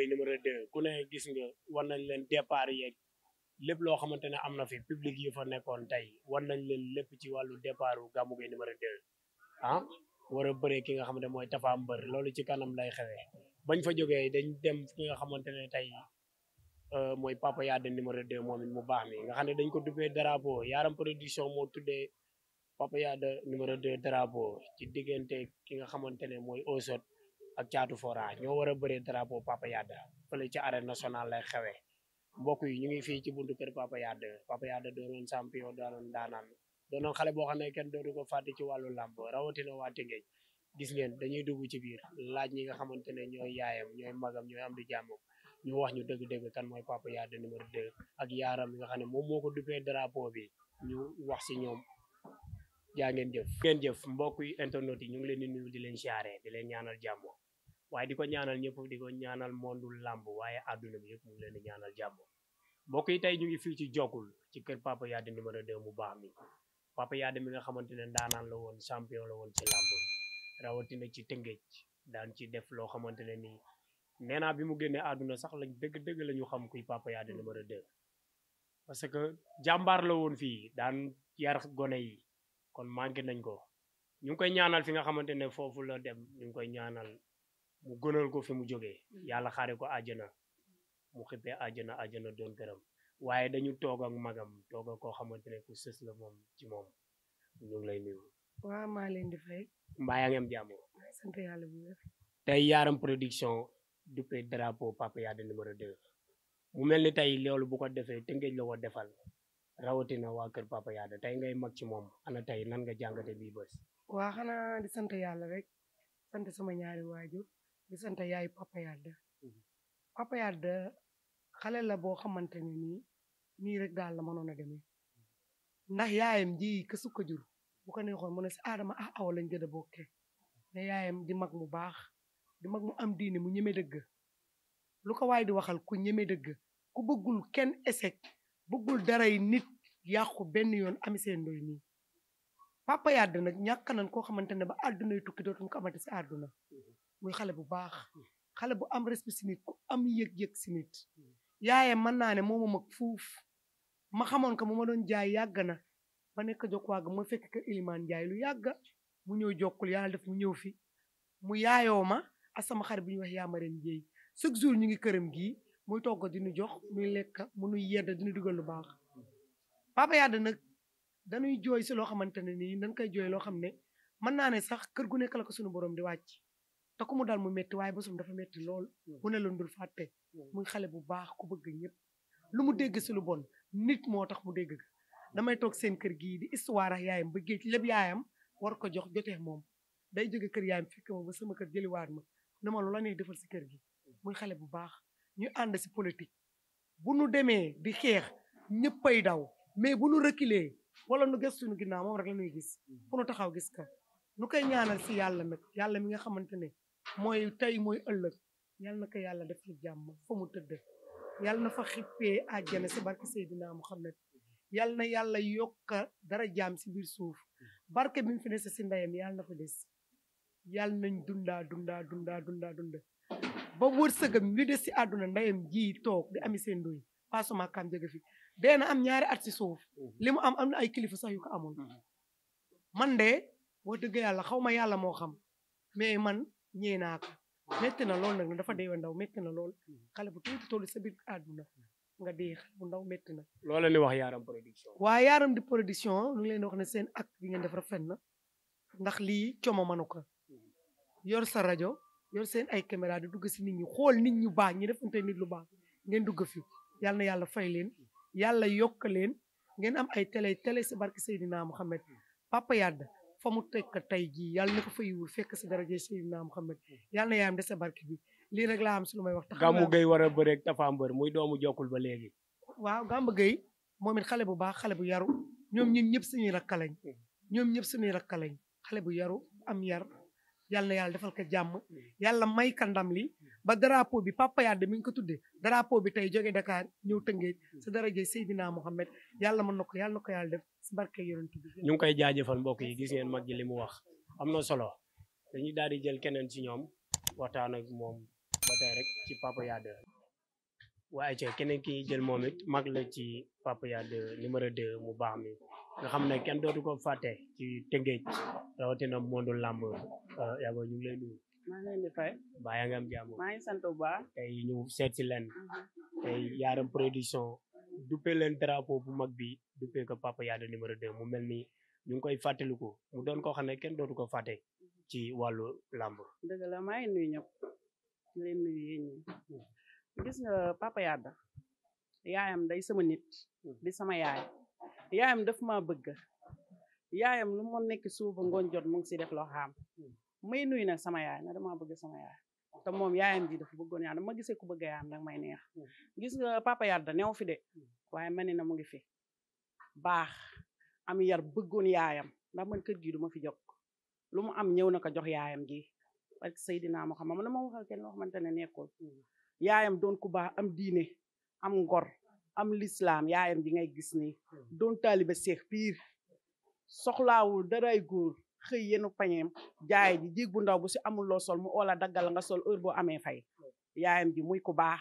Gueye numéro 2 ku ne gis nga war nañ leen départ yeeg lépp loo xamante ne am na fi public yi fa nekkoon tey war nañ leen lépp ci wàllu départ Gamou Gueye numéro 2 ah wara a ki nga xamante mooy Tapha Mbeur loolu ci kanam lay xewee bañ fa jógee dañ dem ki nga xamante ne tey euh, mooy Papa Yade numéro 2 moom it mu baax mi nga xam ne dañ ko duppee drapeau yaaram production moo tuddee Papa Yade numéro 2 drapeau ci diggante ki nga xamante ne mooy Osot ak caatu fora ñoo war a bëree drapeau Papa Yade fële ci arène nationale lay xewee mbokk yi ñu ngi fi ci buntu kër Papa Yade Papa Yade doonoon champion doonoon daanaan doonoon xale boo xam ne kenn dootu ko fàtte ci wàllu làmb rawatina waa gis ngeen dañuy dugg ci biir laaj ñi nga xamante ne ñooy yaayam ñooy magam ñooy am di ñu wax ñu dëgg-dëgg kan mooy Papa Yade numéro 2 ak yaaram yi nga xam ne moom moo ko duppee drapeau bi ñu wax si ñoom jaa ngeen jëf ngeen jëf yi internet yi ñu ngi leen di nuyu waaye di ko ñaanal ñëpp di ko ñaanal mondu làmb waaye àdduna bi yëpp mu ngi leen di ñaanal jàmm mbokk yi tey ñu ngi fii ci Jokkul ci kër Papa Yade numéro 2 mu baax mi Papa Yade mi nga xamante ne ndaanaan la woon champion la woon ci làmb rawatina ci tëngéej daan ci def loo xamante ne nii nee bi mu génnee àdduna sax lañ dëgg-dëgg lañu ñu xam kuy Papa Yade numéro 2 parce que jàmbaar la woon fii daan yar gone yi kon manqué nañ ko ñu koy ñaanal fi nga xamante ne foofu la dem ñu ngi koy ñaanal mu gënal ko fi mu jógee mm. yàlla xaare ko àjjana mu xippee àjjana àjjana doon këram waaye dañu toog ak magam toog ak koo xamante ne ku sës la moom ci moom ñu ngi lay nuyu. waaw maa leen di fay. mbaa yaa ngi Yaram Production duppee drapeau Papa Yade numéro 2 mu mel ni tey loolu bu ko defee tëngeej la ko defal rawatina waa kër Papa Yade tey ngay mag ci moom ana tey nan nga jàngate bi bés. waa xanaa di sant yàlla rek sant sama ñaari waajur di sant yaayu Papa Yade Papa Yade xale la boo xamante ni nii nii rek daal la mënoon a demee ndax yaayam ji ka sukk jur bu ko neexoon mu ne si aadama ah, ah awa lañ gën a bokkee ne yaayam di mag mu baax di mag mu am diine mu ñeme dëgg lu ko waay di waxal ku ñeme dëgg ku bëggul kenn échec bëggul daray nit yàqu benn yoon ami seen ndoy nii Papa Yade nag ñàkk nañ koo xamante ne ba àdduna yu tukki dootuñ ko amati si àdduna muy xale bu baax hmm. xale bu am respect si nit ku am yëg-yëg si nit hmm. yaaye mën naa ne mooma mag ma xamoon ko mu ma doon jaay yàgg na ba nekk jokkuwaag ma fekk kër Ilimaan Njaay lu yàgg mu ñëw jokkul yàlla def mu ñëw fi mu yaayoo ma ak sama xarit bu ñuy wax yaa ma ren jéey chaque jour ñu ngi këram gii muy togg di ñu jox muy lekk mu nuy yedd di ñu dugal lu baax hmm. papa yàdd nag dañuy jooy si loo xamante ne nii dañ koy jooy loo xam ne mën naa ne sax kër gu nekk la ko borom di wàcc te ku mu dal mu métti waaye bésum dafa métti lool mu hmm. ne la ndul fàtte hmm. muy xale bu baax ku bëgg ñëpp lu mu dégg si lu bon nit moo tax mu dégg hmm. damay toog seen kër gii di histoire yaayam ba géej lépp yaayam war ko jox jotee moom day jóge kër yaayam fekk ma ba sama kër jëliwaat ma ne ma lu neex defal si kër gi muy xale bu baax ñu ànd si politique bu nu demee di xeex ñëppay daw mais bu nu reculer wala nu gëstuñu ginnaaw moom rek la ñuy gis fu taxaw gis ka nu yàlla mi nga xamante ne mooy tey mooy ëllëg yal na ko yàlla def ci jàmm foo mu tëdd yal na fa xippee àjjana si barke xam ne yal na yàlla yokka dara jaam si biir suuf barke bi mu fi des si ndeyam yal na des yal nañ dundaa dundaa dundaa dundaa dunda ba wërsëgam wi si àdduna ndeyam ji toog di ami seen doy pasement kam jege fi dee na am ñaari at si suuf mhm. limu am am na ay kilifa sax yu ko mhm. man de wax yàlla xaw ma yàlla moo xam mais man ñee naa ko na lool nag dafa hmm. deewe ndaw métti na lool hmm. xale bu tuuti toll sa biir àdduna hmm. nga dee xale ndaw métti na. loolu la ñuy wax Yaram production. waaye Yaram di production ñu ngi leen wax ne seen ak bi ngeen def rafet na ndax lii coomo mënu ko yor sa rajo yor seen ay caméra di dugg si nit ñi xool nit ñu baax ñi defante nit lu baax ngeen dugg fi yàlla na yàlla fay leen yàlla yokk leen ngeen am ay télé télé si barke Seydina Mohamed Papa Yade. fa teg tekk tey jii yàlla na ko fay yiwu fekk si daraja Seydina Muhammad mm. yàlla na yaayam dese barke bi lii rek laa am si lu may wax. tax Gamou Gueye war a bëreeg Tapha Mbeur muy doomu jokkul ba léegi. waaw Gamou Gueye moom it xale bu baax xale bu yaru ñoom ñun ñëpp suñuy rakk lañ mm. ñoom ñëpp suñuy rakk lañ xale bu yaru am yar yàlla na yàlla defal ko jàmm mm. yàlla may kandam ndam li mm. ba drapeau bi Papa Yade mi ngi ko tudde drapeau bi tey joge Dakar ñëw Tëngéej mm. sa daraje Seydina Mohamed yàlla mën na ko yàlla na ko yàlla def si barke yonent bi ñu ngi koy jaajëfal mbokk yi gis ngeen mag ji mu wax am na solo dañuy daal di jël keneen ci ñoom waxtaan ak moom ba tey rek ci Papa Yade waaye ca keneen ki jël moom it mag la ci Papa Yade numéro 2 mu baax nga xam ne kenn dootu ko fàtte ci tëngeej rawatina mondu làmb ah, yaa booy ñu ngi lay nuyu. maa ngi leen di fay. mbaa yaa ngi am jàmm. bu mhm. Yaram Production. duppee drapeau bu mag bi duppee ko Papa Yade numéro 2 mu mel ni ñu ngi koy fàttaliku mu doon koo xam ne kenn dootu ko fàtte ci wàllu làmb. dëgg la maa ngi nuyu hmm. nga Papa Yade. yaayam day sama nit. Hmm. di sama yaay. yaayam daf maa bëgg yaayam lu moo nekk suuba ngoon jot mu ngi si def loo may nuyu nag sama yaay na damaa bëgg sama yaay te moom yaayam ji dafa bëggoon yaayam ma gisee ku bëgg yaayam nag may neex gis nga papa Yada neew fi de waaye ma ne na mu ngi fi baax am yar bëggoon yaayam ndax man kër gi du ma fi jóg lu mu am ñëw na ko jox yaayam gi parce que Seydina Muhammad ma waxal kenn loo xamante ne nekkul yaayam doon ku baax am diine am ngor am lislaam yaayam bi ngay gis ni hmm. doon taaliba seex piir soxlaawul daray góor xëy yenu pañeem jaay ji jig bu ndaw bu si amuloo sol mu oola daggal nga sol heure boo amee fay hmm. yaayam ji muy ku baax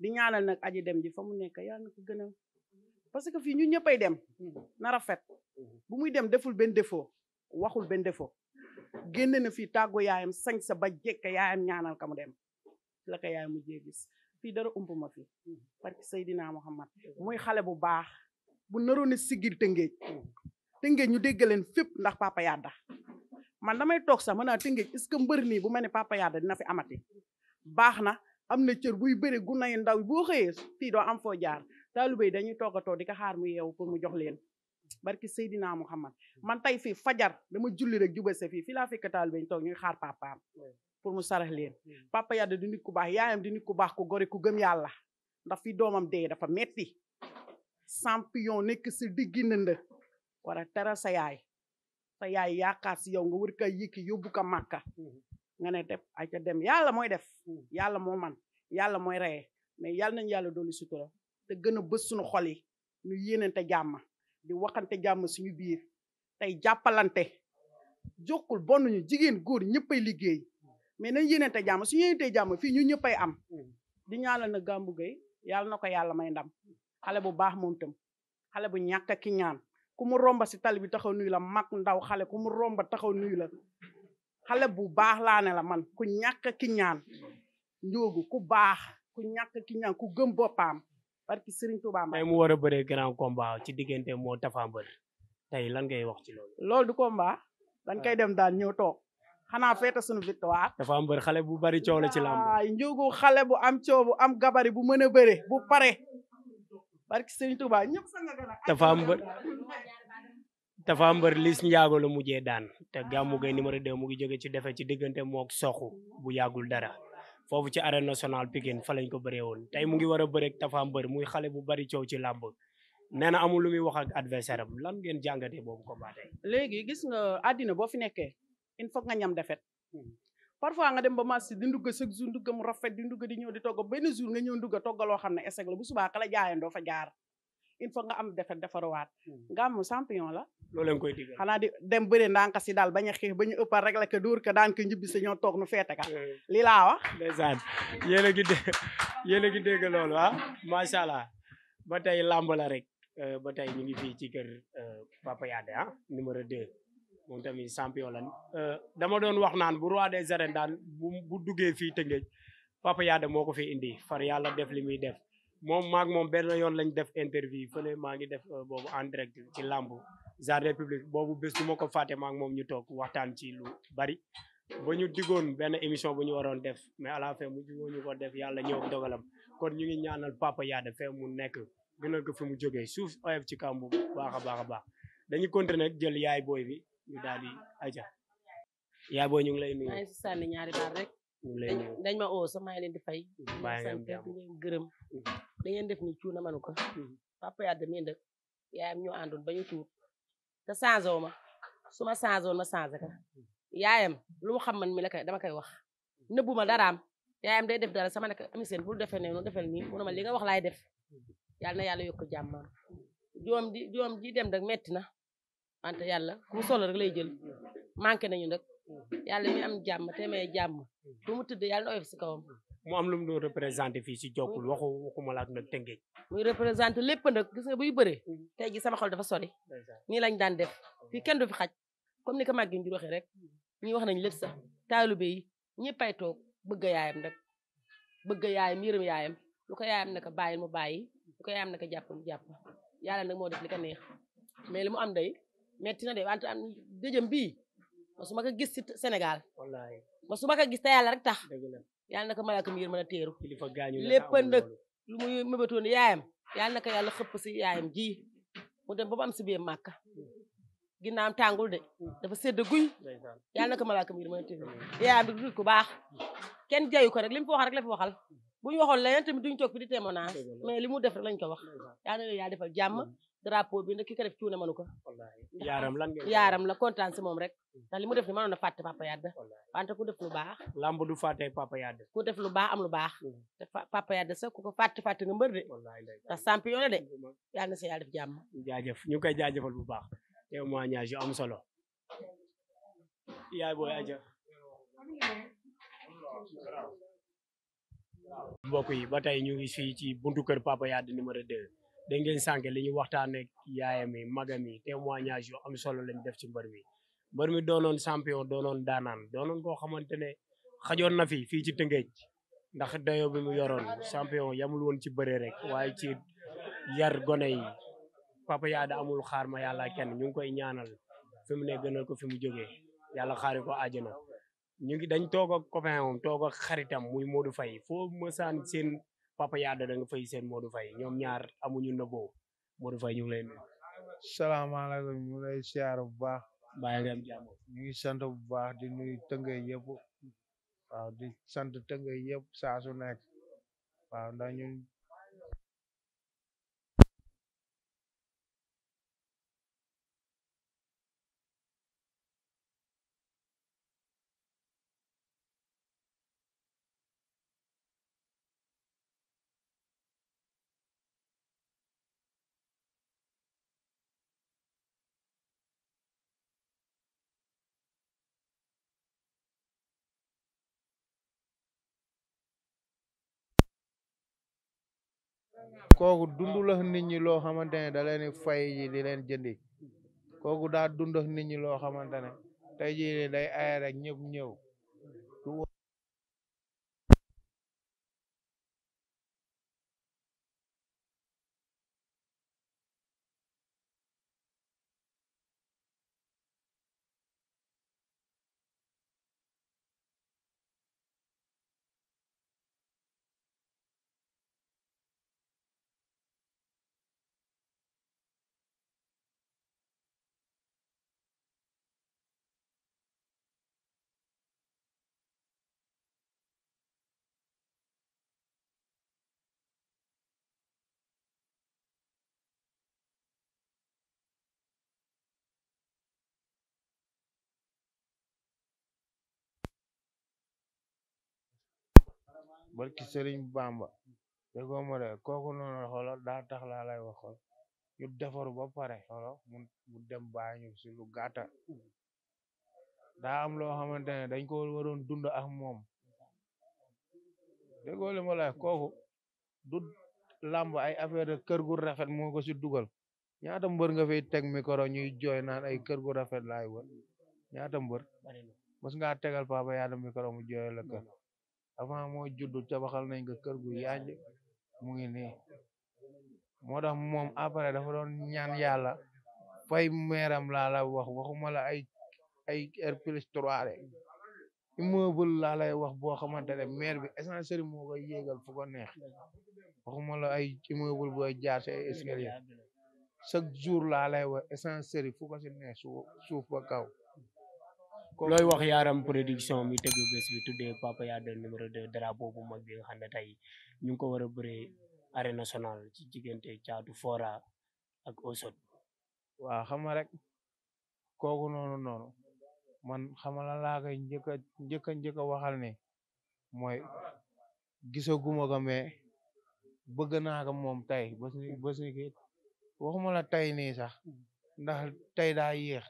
di ñaanal nag aji dem ji fa mu nekk yàlla na ko gën parce que fii ñun ñëppay dem hmm. na rafet bu muy dem deful benn defoo waxul ben défaut génn na fii tàggu yaayam sañ sa ba jekk yaayam ñaanal ka mu dem la yaayam mujjee gis fii dara ump ma fi hmm. barke Seydina Muhammad hmm. muy xale bu baax bu naroon ne siggil tëngéej hmm. tëngéej ñu dégg leen fépp ndax papa yadda man damay toog sax mën naa tëngéej est-ce que mbër nii bu mel ne papa yadda dina fi amati baax na am na cër buy bëri gu nay ndaw boo xëyee fii doo am foo jaar taalibe yi dañuy toog a toog di ko xaar mu yeew pour mu jox leen barki Seydina Muhammad man tey fii fajar dama julli rek jubase fii fii laa fekk taalibe toog ñuy xaar papaam pour mu sarax leen hmm. papa Yade di nit ku baax yaayam di nit ku baax ku gore ku gëm yàlla ndax fi doomam dee dafa metti champion nekk si diggi nënd war a teral sa yaay sa yaay yaakaar si yow nga wër ka yëkki yóbbu ka màkka hmm. nga ne def ay dem yàlla mooy def hmm. yàlla moo man yàlla mooy reye mais yàlla nañu yàlla doolu sutura te gën a bës suñu xol yi ñu yéenante jàmm di waxante jàmm suñu biir tey jàppalante jokkul bonuñu jigéen góor ñëppay liggéey mais nañ yéeneente jàmm su ñu yéeneentee jàmm fii ñu ñëppay am hmm. di ñaanal na Gamou Gueye yàlla na ko yàlla may ndam xale bu baax moom tam xale bu ñàkk ki ñaan ku mu romba si tali bi taxaw nuyu la mag ndaw xale ku mu romba taxaw nuyu la xale bu baax laa ne la man ku ñàkk ki ñaan njoogu ku baax ku ñàkk ki ñaan ku gëm boppam parce que Serigne Touba tey mu war a bëree grand combat ci diggante moo Tapha Mbeur tey lan wax ci xanaa feete suñu victoire. dafa am bëri xale bu bari coow la ci làmb. waay njugu xale bu am coow bu am gabari bu mën a bëre bu pare. barki Sëriñ Tuubaa dafa am dafa am bër Liss Ndiago la mujjee daan te Gamou Gueye numéro 2 mu ngi jóge ci defe ci diggante mook soxu bu yàggul dara. foofu ci arène nationale Pikine fa lañ ko bëree woon tey mu ngi war a bëreeg Tapha Mbeur muy xale bu bari cow ci làmb nee na amul lu muy waxa ak adversaire am lan ngeen jàngatee boobu ko ba tey léegi gis nga àddina boo fi il faut nga ñam defet hmm. parfois nga dem ba marché di ndugg chaque jour ndugg mu rafet di ndugg di ñëw di togg benn jour nga ñëw ndugg togg loo xam la bu subaa kala jaayandoo fa jaar il faut nga am defet defaruwaat hmm. nga am champion la loolu lañ koy digal xanaa di dem daal bañ a xiif bañ a ëppal rek la ko dóor ko daan ko njibbi si ñoo toog nu feete ka hmm. lii laa wax ndeysaan yéen a ngi dé yéen a ngi dégg loolu ah macha allah ba tey làmb la euh, ba tey ñu ngi fii ci kër euh, Papa Yade ah numéro moom tamit champion lan euh, dama doon wax naan bu roi des arènes daan bu bu duggee fii Tëngéej Papa Yade moo ko fi indi far yàlla def li muy def moom maag moom benn yoon lañ def interview fële maa ngi def euh, boobu en direct ci làmb Zar République boobu bés du ma ko fàtte maag moom ñu toog waxtaan ci lu bari ba ñu diggoon benn émission bu ñu waroon def mais à mu jugoo ñu ko def yàlla ñëw dogalam kon ñu ngi ñaanal Papa Yade fee mu nekk gënal ko fi mu jógee suuf a a ñu daal di aja yaa booy ñu ngi lay nuyu. maa ngi rek. ñu ngi lay nuyu dañ ma oo sax maa ngi leen di fay. maa ngi leen di sant di leen gërëm. da mm-hmm. ngeen def ni cuuna manu ko. Mm-hmm. papa yaa demee ndëkk yaayam ñu àndoon ba ñu tuur te changé wu ma su ma changé woon ma changé ka mm-hmm. yaayam lu mu xam man mi la dama koy wax. nëbbu ma daraam yaayam day def dara sama naka ami seen bul defee ne noonu defel nii mu ne ma li nga wax laay def yàlla na yàlla yokk jàmm di joom metti na wante yàlla ku mu solo rek lay jël manqué nañu nag yàlla mi am jàmm te may jàmm bu mu tëdd yàlla na oyof si kawam. mu am lu mu représenté fii si Jokkul waxu waxuma la ak nag Tëngéej. représenté lépp nag gis nga buy bëree. tey jii sama xol dafa sori. nii lañ daan def fii kenn du fi xaj comme ni ko Maguette Ndiour waxee rek ñi wax nañ lépp sax taalibe yi ñëppay toog bëgg yaayam nag bëgg yaayam yërëm yaayam lu ko yaayam naka bàyyil mu bàyyi ko yaayam naka jàpp jàpp yàlla nag moo def li mu am day metti na de wante am dëjëm bii masuma ko gis ci Sénégal masuma ko gis te yàlla rek tax yàlla na ko malaaka mi yërmande teeru lépp nag lu muy mëbatoon yaayam yàlla na ko yàlla xëpp si yaayam ji mu dem ba mu am si biir de dafa sedd guy yàlla na ko malaaka mi yërmande teeru yaayam bi du ko baax kenn jayu ko rek li mu fa wax rek la fi waxal bu ñu waxoon leneen tamit duñu toog fi di témoignage mais li mu def rek lañ ko wax yàlla na defal jàmm drapeau bi nag ki ko def cuune mënu ko yaaram lan ngeen yaaram la kontaan si moom rek hmm. ndax li mu def ni mënoon a fàtte papa Yade wante ku def lu baax lamb du fàtte papa Yade ku def lu baax am lu baax hmm. te papa Yade sax ku ko fàtte fàtte nga mbër de ndax champion la de yàlla na sa yàlla def jàmm jaajëf ñu koy jaajëfal bu baax témoignage yu am solo yaay booy aja mbokk yi ba tey ñu ngi fii ci buntu kër papa da ngeen sànq li ñu waxtaan ak yaayam yi magam yi témoignage yu am solo lañ def ci mbër mi mbër mi doonoon champion xamante ne xajoon na fi fii ci Tëngéej ndax dayo bi mu yoroon champion yamul woon ci bëre rek waaye ci yar gone yi papa yaada amul xaar ma yàlla kenn ñu ngi koy ñaanal fi mu ne gënal ko fi mu jógee yàlla xaari ko àjjana Modou Faye foo mësaan seen Papa Yada da nga fay seen Modou Faye ñoom ñaar amuñu nëbboo Modou Faye ñu ngi lay nuyu. salaamaaleykum ñu ngi lay siyaar bu baax. bàyyi nga am jàmm. sant bu baax di nuyu tëngay yëpp waaw di sant tëngay yëpp saa su nekk waaw ndax kooku dundu la nit ñi loo xamante ne da leen fay ji di leen jëndi kooku daa dundax nit ñi loo xamante ne tey jii day aay rek ñëw barki Sëriñ Bamba déggoo ma de kooku xolo daa tax laa lay wax xol ñu defaru ba pare xolo mu dem bàyyi ñu si lu gàtta daa am loo xamante ne dañ ko waroon dund ak moom déggoo li ma kooku du làmb ay affaire kër gu rafet moo ko si dugal ñaata mbër nga fiy teg micro ñuy jooy naan ay kër gu rafet lay wër ñaata mbër mos ngaa tegal Papa Yade micro mu jooy la avant moo judd tabaxal nañ ko kër gu yaaj mu ngi nii moo tax moom après dafa doon ñaan yàlla fay meeram laa la wax waxuma la ay ay R plus trois rek lay wax boo xamante ne maire bi essentiel moo koy yéegal fu ko neex waxuma la ay immeuble booy jaar ci chaque jour laa lay wax essentiel fu ko si neex suuf kaw looy wax yaaram production mi tëgg bés bi tuddee Papa numéro 2 drapeau bu mag bi nga xam ne tey ñu ngi ko war a bëree arène nationale ci diggante caatu Fora ak Osot. waaw xam nga rek kooku noonu man xam nga lan laa koy njëkk a njëkk a njëkk a waxal ne mooy gisaguma ko mais bëgg naa ko moom tey bés la tey nii sax ndax tey daa yéex.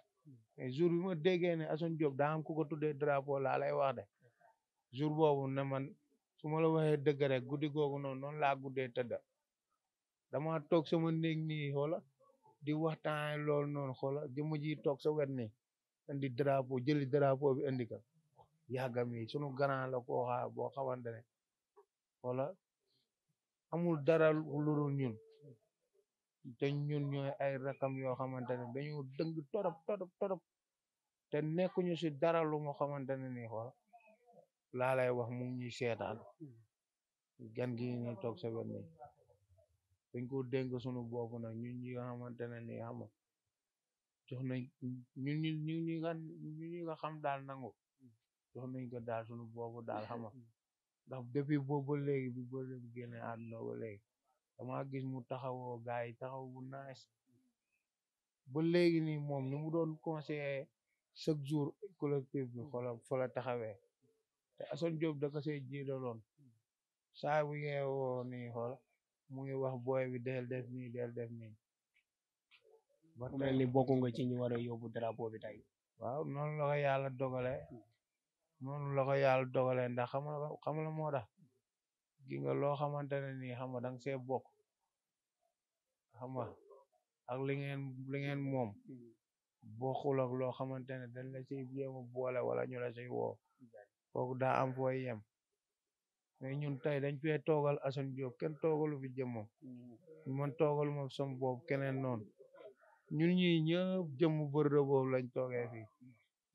mais jour bi ma déggee ne Assane Diop daa am ku ko tuddee drapeau laa lay wax de jour boobu ne man su ma la waxee dëgg rek guddi googu noonu noonu laa guddee tëdd dama toog sama néeg nii xoola di waxtaan loolu noonu xoola jëmm ji toog sa wet nii indi drapeau jëli drapeau bi indi ko yàgga mi sunu grand la koo xaa boo xamante ne amul dara lu dul ñun te ñun ñooy rakam yoo xamante ne dañu dëng torop torop torop te nekkuñu si dara lu nga xamante ne nii xool wax mu ngi ñuy seetaan gan gi ñu toog sa wet nii ko dénk sunu bopp nag ñun ñi nga xamante ne xam ñu ñu ñu nga xam daal nangu jox nañ ko daal sunu bopp daal xam depuis boobu ba léegi bi bëri bi génne àdduna gis mu taxawoo gars yi taxaw bu nice ba léegi nii moom ni mu chaque jour collectif bi hmm. xoolal fa la taxawee te Assane Diop da ko see jiitaloon saa bu yeewoo nii xool mu ngi wax booy bi del def nii del def mel ni bokk nga ci ñu war a yóbbu drapeau bi tey. waaw noonu la ko yàlla dogalee noonu la ko yàlla dogalee ndax xam nga xam nga gi nga loo xamante ne nii xam nga da nga see bokk xam moom. Hmm. bokkul ak loo xamante ne dañ la ciy jéem boole wala ñu la ciy woo kooku daa am yem mais ñun tey dañ fee toogal Assane Diop kenn toogalu fi jëmmam man toogalu ma som boobu keneen noonu ñun ñi ñëpp jëmm Bordeaux lañ toogee fii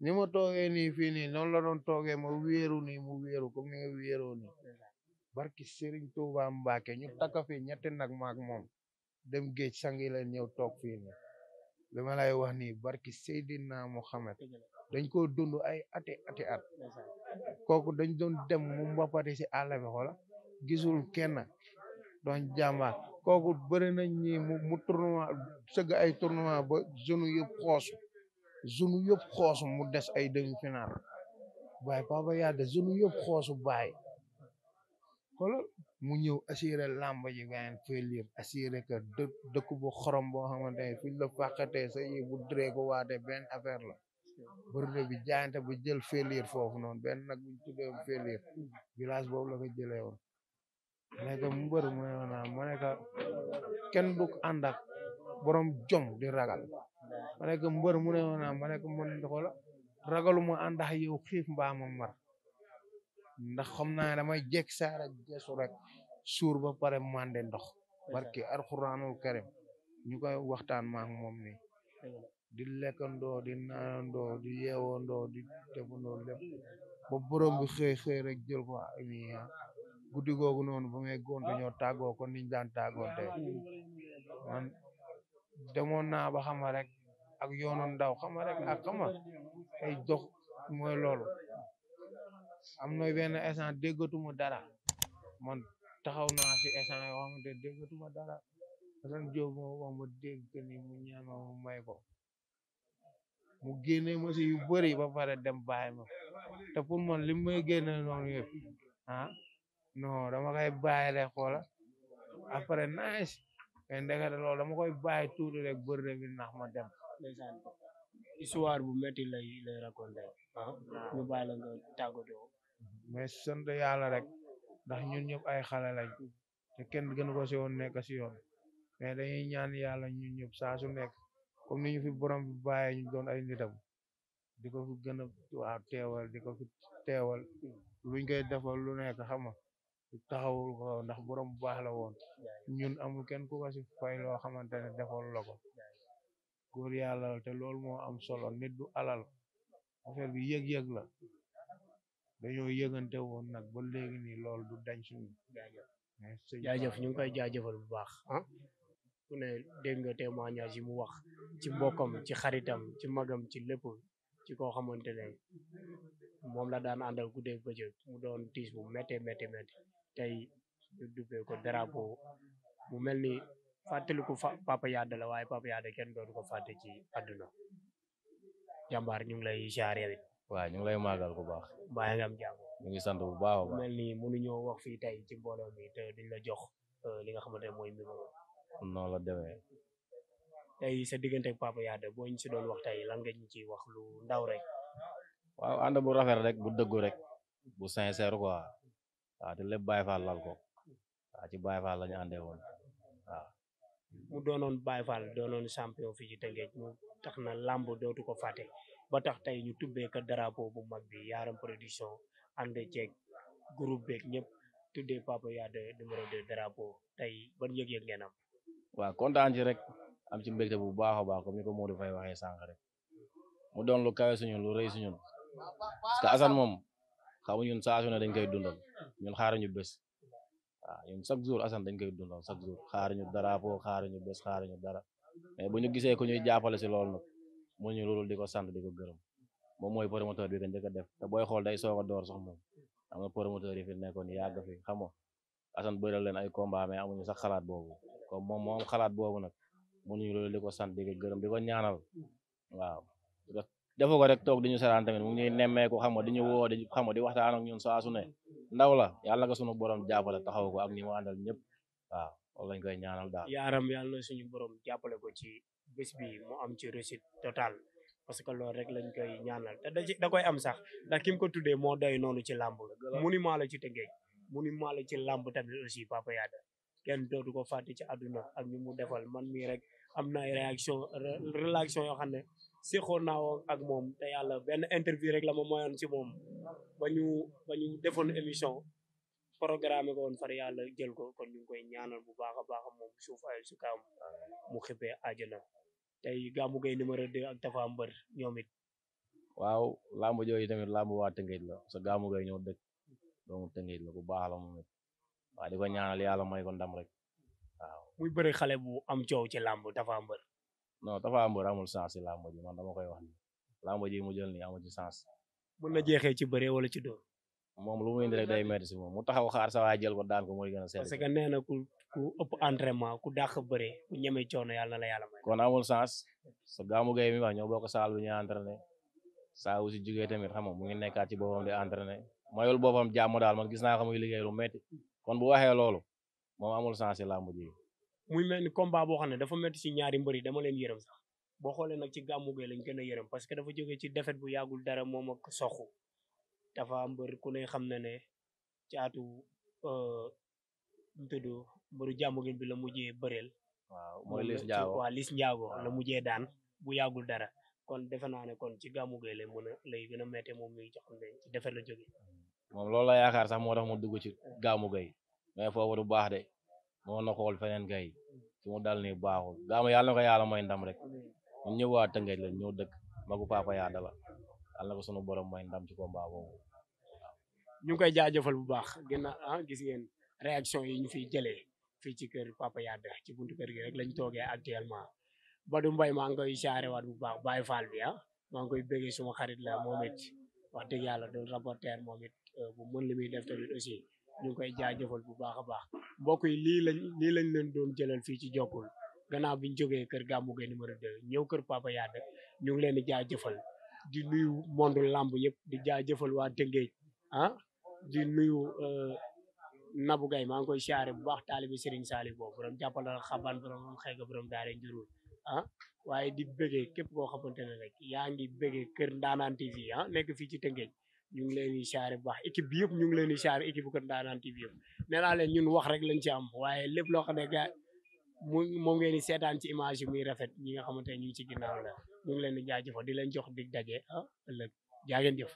ni ma toogee nii fii nii noonu la doon toogee ma wéeru nii mu wéeru comme ni nga wéeroo barki Serigne Touba Mbacke ñu takka fii ñetti nag maak moom dem géej sangi leen ñëw toog fii li ma lay wax nii barki Seydina Mohamed dañ ko dund ay ati ati at kooku dañ doon dem mu mbappati si àll bi xoola gisul kenn doon jàmbaar kooku bëri nañ mu mu tournoi ay tournoi ba zone yëpp xoos zone yëpp mu des ay demi-finale waaye Papa Yade zone yëpp xoosu baay xoolal mu ñëw assuré làmb ji gaayen fay liir assuré que dë dëkk bu xorom boo xamante ne fi la fàqatee sa yi bu dree ko waate benn affaire la bërëb bi jaayante bu jël féliir foofu noonu benn nag buñ tuddee féliir village boobu la ko jëlee woon ma ne ko mu bëri mu ne naa ma ne ko kenn du ànd ak borom jom di ragal ma ne ko mbër mu ne naa ma ne ko mën xola ragalu ma ànd ak yow ndax xam naa damay jekk saa rek gesu rek suur mande ndox barke alxuraanul karim ñu koy waxtaan maak moom ni di lekkandoo di naanandoo di yeewandoo di defandoo lépp ba borom bi xëy xëy rek jël ko ni ah. guddi googu noonu ba may gontu ñoo tàggoo ko niñ daan tàggoo man demoon naa ba xama rek ak yoonoon ndaw xama rek ak ah, xama ay dox mooy loolu am na benn instant déggatuma dara man taxaw naa si instant yoo xamante dara Assane Diop moo wax ma dégg ni mu ñaan may ko mu génne ma si yu bëri ba pare dem bàyyi ma te pour man li may génne noonu yëpp ah non dama koy bàyyi rek xoola après nice mais ndekete loolu dama koy bàyyi tuuti rek bëri bi nax ma dem histoire bu métti lay raconté ah. mais sant yàlla rek ndax ñun ñëpp ay xale lañ te kenn gënu ko si woon nekk si yoon mais dañuy ñaan yàlla ñun ñëpp saa su nekk comme ni ñu fi borom bi bàyyee ñu ay nitam di ko fi gën a waaw teewal di ko luñ koy defal lu nekk xam nga taxawul ndax borom bu baax la woon ñun amul kenn ku ko loo xamante ne defal la ko góor yàlla te loolu moo am solo nit du alal affaire bi yëg-yëg dañoo yëgante woon nag ba léegi nii loolu du dañ suñu jaajëf ñu ngi koy jaajëfal bu baax ah ku ne dégg yi mu wax ci mbokkam ci xaritam ci magam ci lépp ci koo xamante ne moom la daan àndal ku dégg bëccëg mu doon tiis bu méttee méttee méttee tey ñu dubbee ko drapeau mu mel ni fàttaliku papa Yada la waaye papa Yada kenn doon ko fàtte ci àdduna jàmbaar ñu ngi lay siyaare waaw ñu ngi lay màggal bu baax. mbaa yaa ngi ñu ngi sant bu baax a ni mel ni mënuñoo wax fii tey ci mbooloo mi te duñ la jox euh, li nga xamante mooy numéro. noonu la demee. tey sa diggante ak Papa yaada boo ñu si doon wax tey lan nga ñu ciy wax lu ndaw rek. waaw ànd bu rafet rek bu dëggu rek bu sincère quoi waaw te lépp Baye Fall lal ko waaw ci Baye Fall la ñu àndee woon waaw. mu doonoon Baye Fall doonoon champion fii ci Tëngéej mu tax na làmb dootu ko fàtte ba tax tey ñu tubbee ko drapeau bu mag bi Yaram Production ànd ceeg groupe beeg ñëpp tuddee Papa Yade numéro 2 drapeau tey ban yëg-yëg ngeen am. waaw kontaan ci rek a ci mbégte bu baax a baax comme ni ko Modou Faye waxee sànq rek mu doon lu kawe suñu lu rëy suñu parce que Assane moom xamu ñun saa dañ koy dundal ñun xaaruñu bés waaw ñun chaque jour Assane dañ koy dundal chaque jour xaaruñu drapeau xaaruñu bés xaaruñu dara mais bu ñu gisee ku ñuy jàppale si loolu nag. moo ñu loolu di ko sant di ko gërëm moom mooy promoteur bi nga njëkk a def te booy xool day soog a door sax moom am na promoteur yi fi nekkoon yàgg fi xam a Assane bëral leen ay combat mais amuñu sax xalaat boobu comme moom moo am xalaat boobu nag moo ñu loolu di ko sant di ko gërëm di ko ñaanal waaw defoo ko rek toog di ñu seetaan tamit mu ngi ñuy nemmeeku xam nga di ñu woo di xam nga di waxtaan ak ñun saa su ne ndaw la yàlla nga sunu borom jàppale taxaw ko ak ñi mu àndal ñëpp waaw loolu lañ koy ñaanal daal. yaaram yàlla na suñu borom jàppale ko ci bés bi mu am ci réussite totale parce que loolu rek lañ koy ñaanal te da koy am sax ndax ki mu ko tuddee moo doy noonu ci làmb monument la ci Tëngéej monument la ci làmb tamit aussi Papa Yada kenn dootu ko fàtte ci àdduna ak ñu mu defal man mii rek am na ay réaction relation yoo xam ne séqoon naa ak moom te yàlla benn interview rek la ma mayoon ci moom ba ñu ba émission programme ko woon far yàlla jël ko kon ñu koy ñaanal bu baax a baax moom suuf ay su kaam mu xippee àjjana tey Gamou Gueye numéro 2 ak Tapha Mbeur ñoom it waaw làmb jooju tamit làmb waa Tëngéej la sa Gamou Gueye ñoo dëkk doomu Tëngéej la ku baax la moom it waaw di ko ñaanal yàlla may ko ndam rek waaw muy bëri xale bu am coow ci làmb Tapha Mbeur non Tapha Mbeur amul sens ci làmb ji man dama koy wax ni làmb ji mu jël ni amul a sens ci bëre wala ci dóor moom lu mu indi rek day metti si moom mu taxaw xaar sa waay jël daan a seet. parce que nee na ku ku ëpp entraînement ku dàq bëre ku ñeme coono yàlla na la yàlla may. kon amul sens sa gàmmu gay mi wax ñoo bokk saal bi ñuy entraîné saa wu si jugee tamit mu ngi nekkaat ci boppam di entraîné mayul boppam jàmm daal man gis naa muy liggéey lu metti kon bu waxee loolu moom amul sens si làmb ji. muy mel ni combat boo xam dafa metti si ñaari mbër dama leen yërëm sax boo xoolee ci gàmmu a yërëm parce que dafa jógee ci Tapha Mbeur ku ne xam ne caatu euh, mu tudd mbaru jàmm gën bi la mujjee bëreel. waaw mooy Liss Ndiago waaw Liss la mujjee daan bu yàggul dara kon defe naa ne kon ci gàmmu gay lay mën a lay gën a méttee moom mi jox ne ci defet la jóge moom loolu sax moo tax dugg ci gàmmu gay mais foofu du baax de moo na xool feneen gay su mu dal nii baaxul gàmmu yàlla na ko yàlla may ndam rek ñun ñëw waa Tëngéej la ñoo dëkk magu papa ya la yàlla na ko sunu borom may ndam ci combat boobu ñu ngi koy jaajëfal bu baax gën ah gis ngeen réaction yi ñu fiy jëlee fii ci kër Papa Yade ci buntu kër gi rek lañ toogee actuellement Badou Mbaye maa ngi koy jaare waat bu baax Baye Fall bi ah maa koy bëggee suma xarit la moom it wax dëgg yàlla doon rapporteur moom it euh, bu mën li def aussi ñu ngi koy jaajëfal bu baax a baax mbokk yi lii lañ lii lañ leen doon jëlal fii ci jokkul gannaaw bi jógee kër Gamou Gueye numéro de ñëw kër Papa Yade ñu ngi leen di jaajëfal di nuyu monde lamb yëpp di jëfal waa Tëngéej ah di nuyu euh, Nabou gay maa ngi koy siyaare bu baax taalibi Serigne Sali boobu borom jàppalal xaban borom moom xëy nga borom daare njurul ah waaye di bëggee képp koo xamante ne rek yaa ngi bëggee Kër Ndaanaan TV ah nekk fii ci Tëngéej ñu ngi leen di siyaare bu baax équipe bi yëpp ñu ngi leen di siyaare équipe bu Kër Ndaanaan TV yëpp nee naa wax rek lañ ci am waaye lépp loo xam ne ga mu moom ngeen di seetaan ci image yi muy rafet ñi nga xamante ne ñu ngi ci ginnaaw la ñu ngi leen di jaajëfal di leen jox dig daje ah jaa ngeen jëf